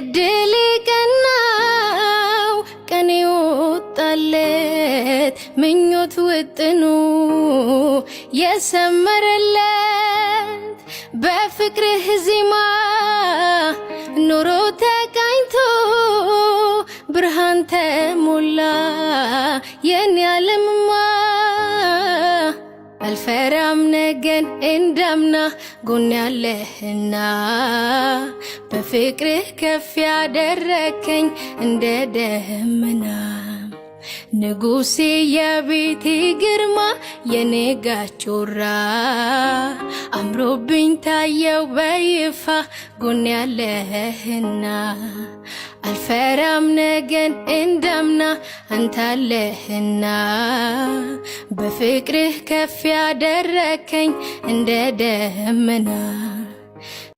እድል ቀናው ቀኔ ወጣለት! ምኞት ውጥኑ የሰመረለት በፍቅርህ ዜማ ኑሮ ተቃኝቶ ብርሃን ተሞላ የኔ ዓለምማ አልፈራም ነገን እንዳምና ጎን ያለህና በፍቅርህ ከፍ ያደረከኝ እንደ ደመና ንጉሴ የቤቴ ግርማ የኔጋ ጮራ አምሮብኝ ታየው በይፋ ጎን ያለህና አልፈራም ነገን እንደምና አንታለህና በፍቅርህ ከፍ ያደረከኝ እንደ ደመና